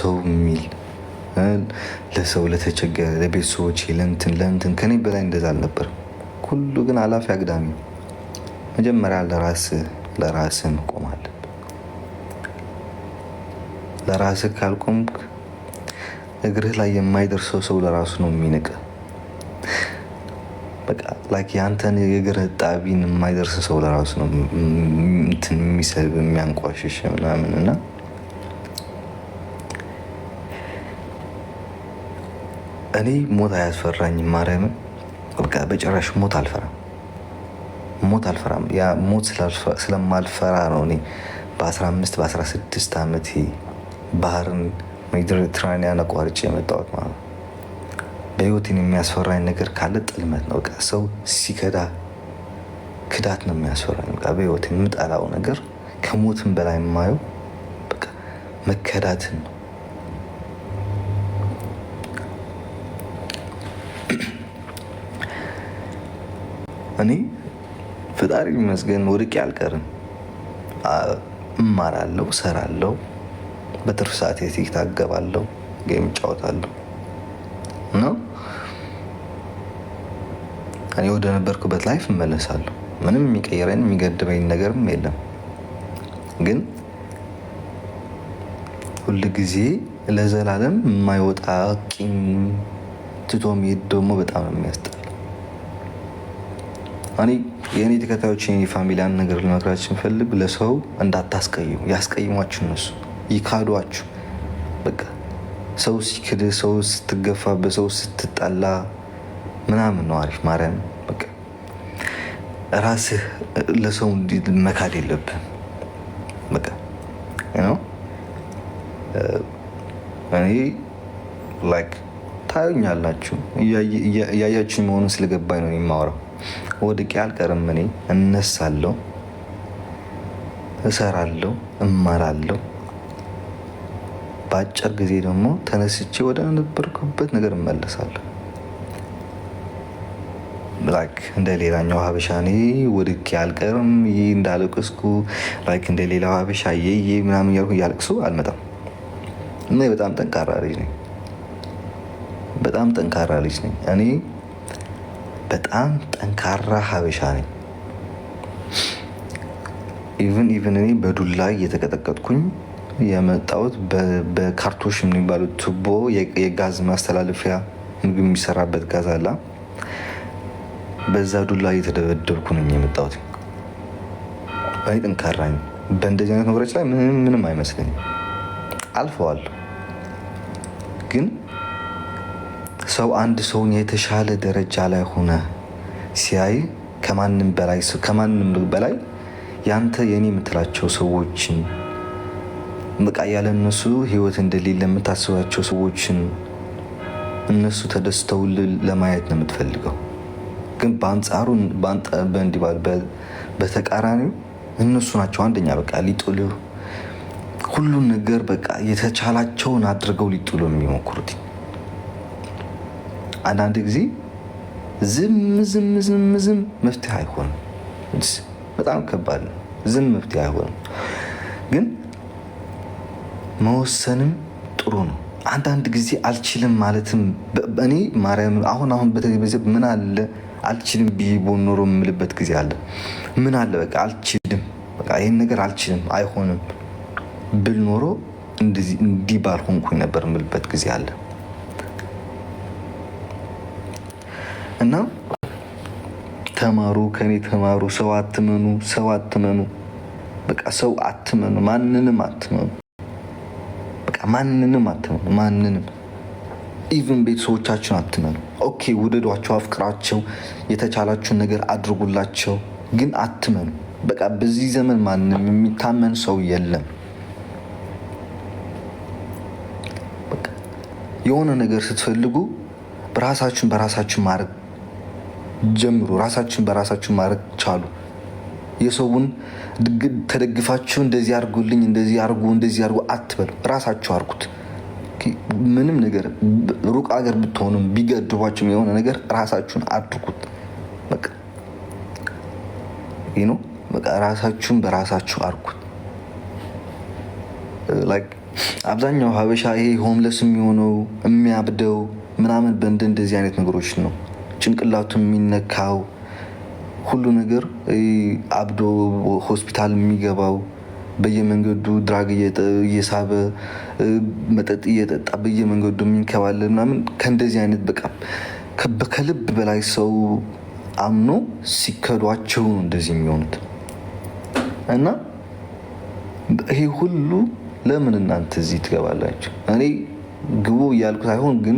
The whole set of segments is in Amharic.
ሰው የሚል ለሰው ለተቸገረ ለቤተሰቦች ለእንትን ለእንትን ከኔ በላይ እንደዛ አልነበር። ሁሉ ግን አላፊ አግዳሚ መጀመሪያ ለራስ ለራስ መቆም አለብህ። ለራስህ ካልቆም እግርህ ላይ የማይደርሰው ሰው ለራሱ ነው የሚንቅ። በቃ ላይክ የአንተን የእግር ጣቢን የማይደርስ ሰው ለራሱ ነው እንትን የሚሰብ የሚያንቋሽሽ ምናምን እና እኔ ሞት አያስፈራኝም። ማርያምን በቃ በጭራሽ ሞት አልፈራም፣ ሞት አልፈራም። ያ ሞት ስለማልፈራ ነው እኔ በ15 በ16 ዓመት ባህርን ሜዲትራኒያን አቋርጬ የመጣሁት ማለት ነው። በህይወትን የሚያስፈራኝ ነገር ካለ ጥልመት ነው። በቃ ሰው ሲከዳ ክዳት ነው የሚያስፈራኝ። በቃ በህይወት የምጠላው ነገር ከሞትን በላይ የማየው በቃ መከዳትን ነው። እኔ ፈጣሪ ይመስገን ወድቄ አልቀርም። እማራለሁ፣ ሰራለሁ፣ በትርፍ ሰዓት ቲክታክ ገባለሁ፣ ጌም እጫወታለሁ እና እኔ ወደ ነበርኩበት ላይፍ እመለሳለሁ። ምንም የሚቀይረኝ የሚገድበኝ ነገርም የለም። ግን ሁል ጊዜ ለዘላለም የማይወጣ ቂም ትቶ መሄድ ደግሞ በጣም የሚያስጠላ እኔ የእኔ ተከታዮች የኔ ፋሚሊያን ነገር ልነግራችሁ ንፈልግ ለሰው እንዳታስቀይሙ። ያስቀይሟችሁ እነሱ ይካዷችሁ። በቃ ሰው ሲክድ፣ ሰው ስትገፋ፣ በሰው ስትጠላ ምናምን ነው አሪፍ ማርያም። በቃ ራስህ ለሰው መካድ የለብህም። በቃ እኔ ላይክ ታዩኛላችሁ። እያያችን መሆኑን ስለገባኝ ነው የማወራው ወድቄ አልቀርም። እኔ እነሳለሁ፣ እሰራለሁ፣ እማራለሁ። በአጭር ጊዜ ደግሞ ተነስቼ ወደ ነበርኩበት ነገር እመለሳለሁ። ላይክ እንደ ሌላኛው ሀበሻ እኔ ወድቄ አልቀርም። ይህ እንዳለቅስኩ ላይክ እንደ ሌላው ሀበሻ የየ ምናምን እያልኩ እያለቅሱ አልመጣም። እኔ በጣም ጠንካራ ልጅ ነኝ። በጣም ጠንካራ ልጅ ነኝ እኔ በጣም ጠንካራ ሀበሻ ነኝ። ኢቨን ኢቨን እኔ በዱላ እየተቀጠቀጥኩኝ የመጣሁት በካርቶሽ የሚባሉት ቱቦ የጋዝ ማስተላለፊያ ምግብ የሚሰራበት ጋዝ አላ በዛ ዱላ እየተደበደብኩ ነኝ የመጣሁት። እኔ ጠንካራ ነኝ። በእንደዚህ አይነት ነገሮች ላይ ምንም ምንም አይመስለኝም። አልፈዋለሁ። ሰው አንድ ሰውን የተሻለ ደረጃ ላይ ሆነ ሲያይ ከማንም በላይ ከማንም በላይ ያንተ የኔ የምትላቸው ሰዎችን በቃ ያለ እነሱ ህይወት እንደሌለ የምታስባቸው ሰዎችን እነሱ ተደስተው ለማየት ነው የምትፈልገው። ግን በአንጻሩ በእንዲባል በተቃራኒው እነሱ ናቸው አንደኛ በቃ ሊጥሉ ሁሉን ነገር በቃ የተቻላቸውን አድርገው ሊጥሉ የሚሞክሩት አንዳንድ ጊዜ ዝም ዝም ዝም ዝም መፍትሄ አይሆንም። በጣም ከባድ ነው። ዝም መፍትሄ አይሆንም፣ ግን መወሰንም ጥሩ ነው። አንዳንድ ጊዜ አልችልም ማለትም እኔ ማርያም አሁን አሁን በተለይ ምን አለ አልችልም ብዬ ኖሮ የምልበት ጊዜ አለ። ምን አለ በቃ አልችልም፣ በቃ ይህን ነገር አልችልም፣ አይሆንም ብል ኖሮ እንዲህ ባልሆንኩኝ ነበር የምልበት ጊዜ አለ። እና ተማሩ፣ ከኔ ተማሩ። ሰው አትመኑ፣ ሰው አትመኑ። በቃ ሰው አትመኑ፣ ማንንም አትመኑ። በቃ ማንንም አትመኑ፣ ማንንም ኢቭን ቤተሰቦቻችሁን አትመኑ። ኦኬ ውደዷቸው፣ አፍቅራቸው፣ የተቻላችሁን ነገር አድርጉላቸው፣ ግን አትመኑ። በቃ በዚህ ዘመን ማንም የሚታመን ሰው የለም። የሆነ ነገር ስትፈልጉ በራሳችሁን በራሳችሁ ማድረግ ጀምሩ። ራሳችን በራሳችን ማድረግ ቻሉ። የሰውን ተደግፋችሁ እንደዚህ አድርጉልኝ፣ እንደዚህ አድርጉ፣ እንደዚህ አርጉ እንደዚህ አርጉ አትበሉ ራሳችሁ አድርጉት። ምንም ነገር ሩቅ ሀገር ብትሆኑም ቢገድቧችሁም የሆነ ነገር ራሳችሁን አድርጉት። ነው በቃ ራሳችሁን በራሳችሁ አድርጉት። አብዛኛው ሀበሻ ይሄ ሆምለስ የሚሆነው የሚያብደው ምናምን በእንደ እንደዚህ አይነት ነገሮች ነው። ጭንቅላቱ የሚነካው ሁሉ ነገር አብዶ ሆስፒታል የሚገባው በየመንገዱ ድራግ እየሳበ መጠጥ እየጠጣ በየመንገዱ የሚንከባለ ምናምን ከእንደዚህ አይነት በቃ ከልብ በላይ ሰው አምኖ ሲከዷቸው ነው እንደዚህ የሚሆኑት። እና ይሄ ሁሉ ለምን እናንተ እዚህ ትገባላችሁ? እኔ ግቡ እያልኩ ሳይሆን ግን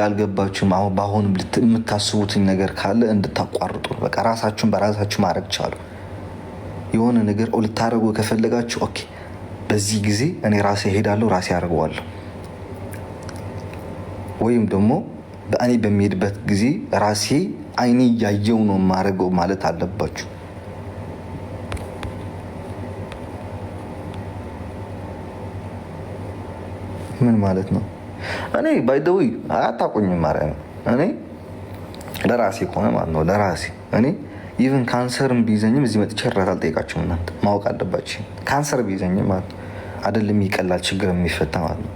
ያልገባችሁም አሁን በአሁንም የምታስቡትኝ ነገር ካለ እንድታቋርጡ በቃ ራሳችሁን በራሳችሁ ማድረግ ቻሉ። የሆነ ነገር ልታደረጉ ከፈለጋችሁ ኦኬ፣ በዚህ ጊዜ እኔ ራሴ እሄዳለሁ፣ ራሴ አደርገዋለሁ። ወይም ደግሞ በእኔ በሚሄድበት ጊዜ ራሴ አይኔ እያየው ነው ማድረገው ማለት አለባችሁ። ምን ማለት ነው? እኔ ባይደዊ አያታቆኝም ማለ እኔ ለራሴ ከሆነ ማለት ነው ለራሴ እኔ ኢቨን ካንሰርም ቢይዘኝም እዚህ መጥቼ እርዳታ አልጠይቃችሁም። እናንተ ማወቅ አለባችሁ። ካንሰር ቢይዘኝም ማለት ነው አይደለም ይቀላል ችግር የሚፈታ ማለት ነው።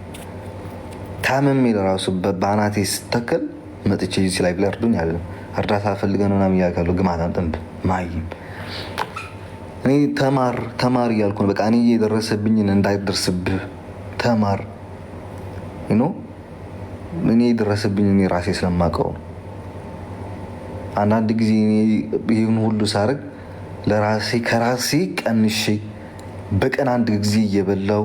ታምሜ ለራሱ በአናቴ ስተከል መጥቼ ዚ ላይ ብለርዱን ያለ እርዳታ ፈልገን ምናምን እያልካለሁ ግማት አንጠንብ ማይም እኔ ተማር ተማር እያልኩ ነው። በቃ እኔ እየደረሰብኝን እንዳይደርስብህ ተማር ነው እኔ የደረሰብኝ እኔ ራሴ ስለማውቀው አንዳንድ ጊዜ ይህን ሁሉ ሳርግ ለራሴ ከራሴ ቀንሼ በቀን አንድ ጊዜ እየበላው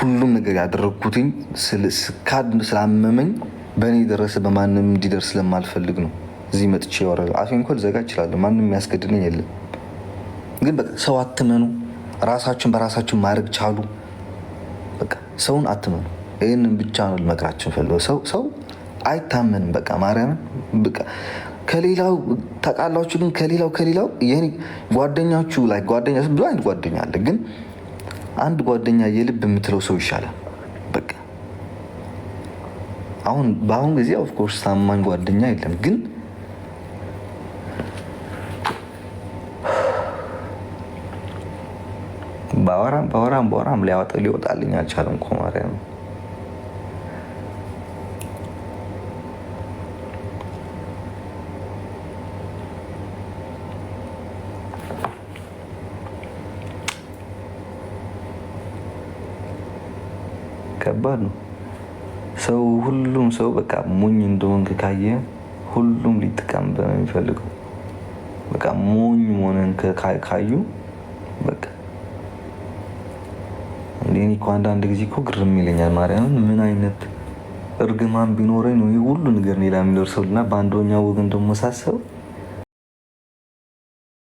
ሁሉም ነገር ያደረግኩትኝ ካድ ስላመመኝ በእኔ የደረሰ በማንም እንዲደርስ ስለማልፈልግ ነው። እዚህ መጥቼ ወረ አፌ ልዘጋ እችላለሁ። ማንም የሚያስገድደኝ የለም። ግን በቃ ሰው አትመኑ። ራሳችሁን በራሳችን ማድረግ ቻሉ። በቃ ሰውን አትመኑ። ይህንን ብቻ ነው ልመክራችሁ ፈልገው ሰው ሰው አይታመንም። በቃ ማርያምን በቃ ከሌላው ተቃላዎቹ ግን ከሌላው ከሌላው ይሄኔ ጓደኛችሁ ላይ ጓደኛ ብዙ አይነት ጓደኛ አለ። ግን አንድ ጓደኛ የልብ የምትለው ሰው ይሻላል። በቃ አሁን በአሁን ጊዜ ኦፍኮርስ ታማኝ ጓደኛ የለም። ግን በአወራም ባወራም በአወራም ሊወጣልኝ አልቻለም እኮ ማርያምን ከባድ ነው። ሰው ሁሉም ሰው በቃ ሞኝ እንደሆንክ ካየ ሁሉም ሊጠቀም በሚፈልገው በቃ ሞኝ መሆንን ካዩ በቃ እኔ እኮ አንዳንድ ጊዜ እኮ ግርም ይለኛል። ማርያምን ምን አይነት እርግማን ቢኖረኝ ነው ይህ ሁሉ ነገር ሌላ የሚደርሰውና በአንደኛው ወግን ደግሞ ሳሰብ